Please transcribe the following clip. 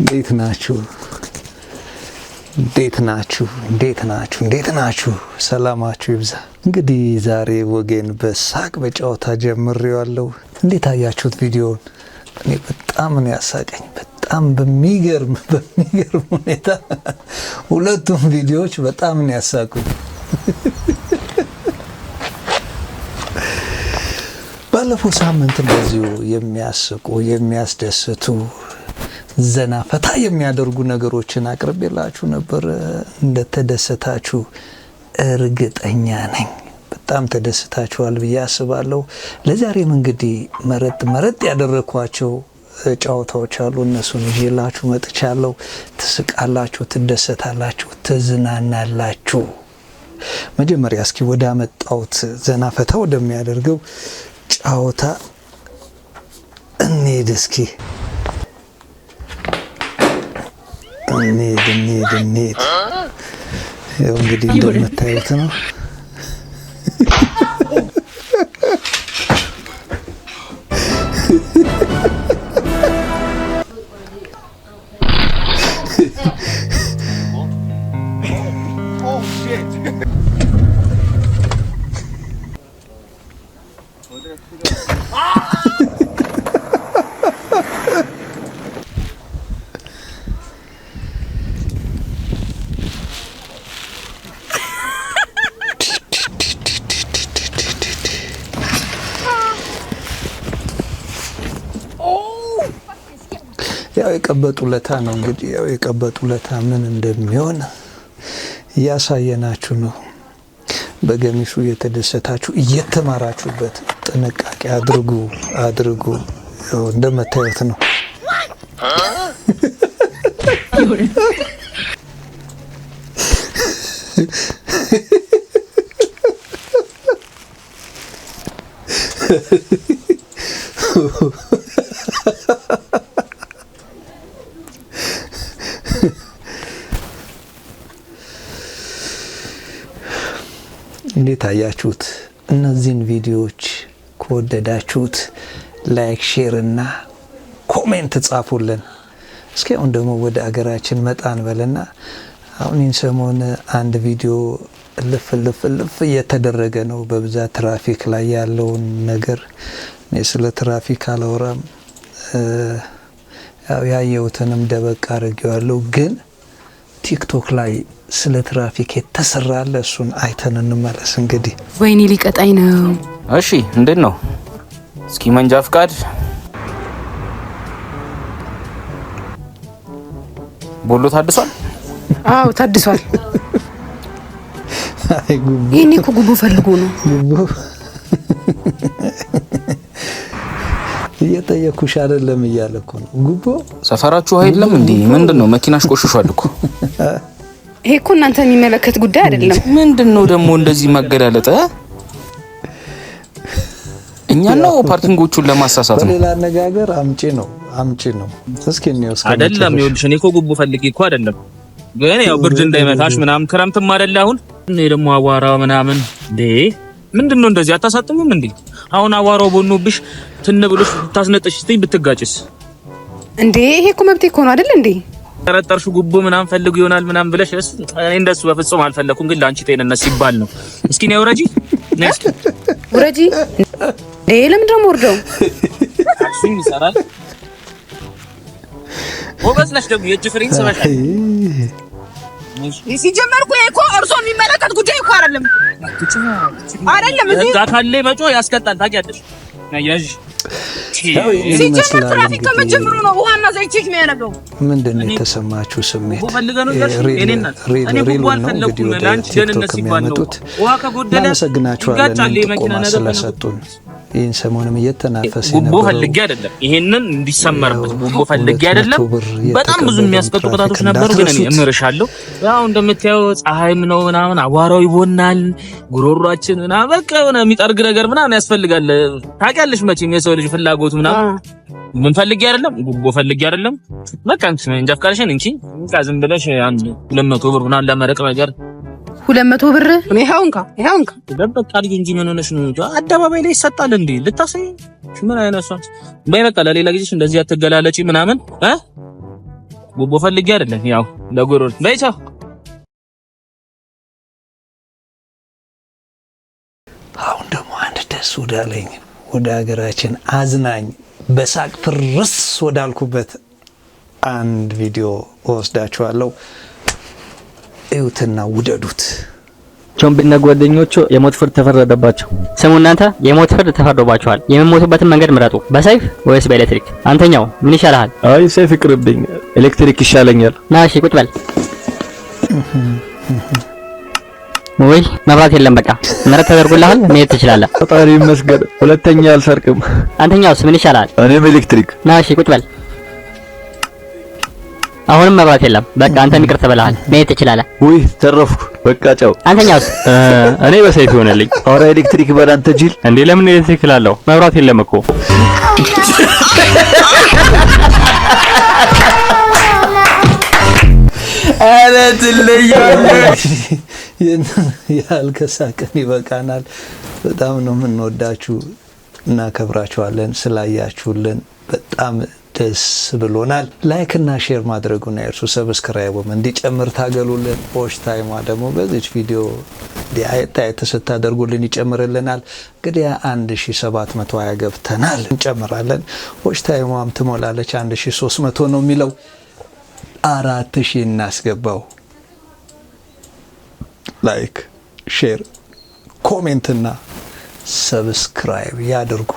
እንዴት ናችሁ? እንዴት ናችሁ? እንዴት ናችሁ? እንዴት ናችሁ? ሰላማችሁ ይብዛ። እንግዲህ ዛሬ ወጌን በሳቅ በጨዋታ ጀምሬዋለሁ። እንዴት አያችሁት ቪዲዮውን? እኔ በጣም ነው ያሳቀኝ። በጣም በሚገርም በሚገርም ሁኔታ ሁለቱም ቪዲዮዎች በጣም ነው ያሳቁኝ። ባለፈው ሳምንት እንደዚሁ የሚያስቁ የሚያስደስቱ ዘና ፈታ የሚያደርጉ ነገሮችን አቅርቤላችሁ ነበር። እንደተደሰታችሁ እርግጠኛ ነኝ። በጣም ተደስታችኋል ብዬ አስባለሁ። ለዛሬም እንግዲህ መረጥ መረጥ ያደረኳቸው ጨዋታዎች አሉ። እነሱን ይዤላችሁ መጥቻለሁ። ትስቃላችሁ፣ ትደሰታላችሁ፣ ትዝናናላችሁ። መጀመሪያ እስኪ ወደ አመጣሁት ዘና ፈታ ወደሚያደርገው ጨዋታ እንሂድ። እስኪ እንሂድ እንሂድ እንሂድ። ያው እንግዲህ እንደምታዩት ነው። ያው የቀበጡለታ ነው እንግዲህ ያው የቀበጡለታ ምን እንደሚሆን እያሳየናችሁ ነው። በገሚሱ እየተደሰታችሁ እየተማራችሁበት ጥንቃቄ አድርጉ አድርጉ። እንደምታዩት ነው። እንዴት አያችሁት? እነዚህን ቪዲዮዎች ከወደዳችሁት ላይክ፣ ሼር እና ኮሜንት ጻፉልን። እስኪ አሁን ደግሞ ወደ አገራችን መጣን በለና አሁን ይህን ሰሞን አንድ ቪዲዮ ልፍ ልፍ ልፍ እየተደረገ ነው። በብዛት ትራፊክ ላይ ያለውን ነገር እኔ ስለ ትራፊክ አላወራም። ያየውትንም ያየሁትንም ደበቅ አድርጌዋለሁ ግን ቲክቶክ ላይ ስለ ትራፊክ የተሰራለ እሱን አይተን እንመለስ። እንግዲህ ወይኔ ሊቀጣኝ ነው። እሺ እንዴት ነው? እስኪ መንጃ ፍቃድ ቦሎ ታድሷል? አዎ ታድሷል። ይህኔ እኮ ጉቦ ፈልጎ ነው። ጉቦ እየጠየኩሽ አይደለም እያለ እኮ ነው። ጉቦ ሰፈራችሁ አይደለም እንዴ? ምንድን ነው መኪናሽ ቆሽሿል እኮ ይሄ እኮ እናንተ የሚመለከት ጉዳይ አይደለም። ምንድን ነው ደግሞ እንደዚህ መገላለጥ? እኛ ነው ፓርኪንጎቹን ለማሳሳት ነው። በሌላ አነጋገር አምጪ ነው አምጪ ነው። እስኪ ነው አይደለም ይኸውልሽ፣ እኔ እኮ ጉቡ ፈልጌ እኮ አይደለም፣ ግን ያው ብርድ እንዳይመታሽ ምናምን ክረምትም አይደለ አሁን። እኔ ደግሞ አዋራ ምናምን እንዴ ምንድን ነው እንደዚህ አታሳጥሙም እንዴ? አሁን አዋራው ቦኖብሽ ትን ብሎሽ ብታስነጥሽ ብትጋጭስ? እንዴ ይሄ እኮ መብቴ እኮ ነው አይደል እንዴ? ጠረጠርሽ ጉቦ ምናምን ፈልጉ ይሆናል ምናምን ብለሽ እሱ እኔ እንደሱ በፍጹም አልፈለኩም፣ ግን ለአንቺ ጤንነት ሲባል ነው። እስኪ ነው ውረጂ፣ ነስኪ ውረጂ። እንዴ ለምን ደሞ ወርደው እሱ ይሰራል። ጎበዝ ነሽ ደግሞ የእጅ ፍሬን ስመሻል። ሲጀመር እኮ ይሄ እኮ እርሶን የሚመለከት ጉዳይ እኮ አይደለም አይደለም። እዚህ አካል ላይ መጮህ ያስቀጣል ታውቂያለሽ። ሲጀምር ትራፊክ ከመጀመሩ ነው ውሃና ዘይት ቼክ የሚያደርገው። ምንድን ነው የተሰማችሁ ስሜት? ሪሉን ነው እናመሰግናችኋለን ስለሰጡን። ይህን ሰሞኑን እየተናፈስ ጉቦ ፈልጌ አይደለም፣ ይሄንን እንዲሰመርበት ጉቦ ፈልጌ አይደለም። በጣም ብዙ የሚያስቀጡ ቅጣቶች ነበሩ፣ ግን እኔ እምርሻለሁ። ያው እንደምታየው ፀሐይም ነው ምናምን፣ አቧራው ይቦናል፣ ጉሮሯችን ምናምን፣ በቃ የሆነ የሚጠርግ ነገር ምናምን ያስፈልጋል። ታውቂያለሽ መቼም የሰው ልጅ ፍላጎቱ ምናምን ምን ፈልጌ አይደለም፣ ጉቦ ፈልጌ አይደለም። በቃ እንጃ ፍቃድሽን እንቺ ዝም ብለሽ አንድ ሁለት መቶ ብር ምናምን ለመረቅ ነገር ሁለት መቶ ብር እኔ ይሄው እንካ ይሄው እንካ ደበቅ አድርጊ እንጂ ምን ሆነሽ ነው? እንጂ አደባባይ ላይ ይሰጣል እንዴ? ልታሰኝ ምን አይነት ሰው በይ፣ በቃ ለሌላ ጊዜሽ እንደዚህ አትገላለጪ ምናምን እ ጉቦ ፈልጌ አይደለም ያው ለጎሮር በይ ቻው። አሁን ደግሞ አንድ ደስ ወዳለኝ ወደ ሀገራችን አዝናኝ በሳቅ ፍርስ ወዳልኩበት አንድ ቪዲዮ ወስዳችኋለሁ። እዩትና ውደዱት። ጆምቢና ጓደኞቹ የሞት ፍርድ ተፈረደባቸው። ስሙ እናንተ የሞት ፍርድ ተፈርዶባችኋል። የምሞቱበትን መንገድ ምረጡ፣ በሰይፍ ወይስ በኤሌክትሪክ? አንተኛው ምን ይሻልሃል? አይ ሰይፍ ይቅርብኝ፣ ኤሌክትሪክ ይሻለኛል። ናሺ ቁጭ በል። ወይ መብራት የለም። በቃ ምረት ተደርጎልሃል፣ መሄድ ትችላለህ። ፈጣሪ ይመስገን፣ ሁለተኛ አልሰርቅም። አንተኛውስ ምን ይሻልሃል? እኔም ኤሌክትሪክ። ናሺ ቁጭ በል። አሁንም መብራት የለም። በቃ አንተም ይቅር ተብለሃል፣ መሄድ ትችላለህ። ውይ ተረፍኩ። በቃ ጫው። አንተኛውስ? እኔ በሰይፍ ይሆነልኝ። ኧረ ኤሌክትሪክ በል አንተ ጅል። እንዴ ለምን ኤሌክትሪክ እላለሁ? መብራት የለም እኮ አለ ትለያለሽ። ያልከሳ ቀን ይበቃናል። በጣም ነው የምንወዳችሁ፣ እናከብራችኋለን። ስላያችሁልን በጣም ደስ ብሎናል። ላይክና ሼር ማድረጉና የእርሱ ሰብስክራይቡም እንዲጨምር ታገሉልን። ፖች ታይማ ደግሞ በዚች ቪዲዮ ጣየት ስታደርጉልን ይጨምርልናል። እንግዲህ 1720 ገብተናል፣ እንጨምራለን። ፖች ታይማም ትሞላለች። 1300 ነው የሚለው አራት ሺህ እናስገባው። ላይክ ሼር ኮሜንትና ሰብስክራይብ ያድርጉ።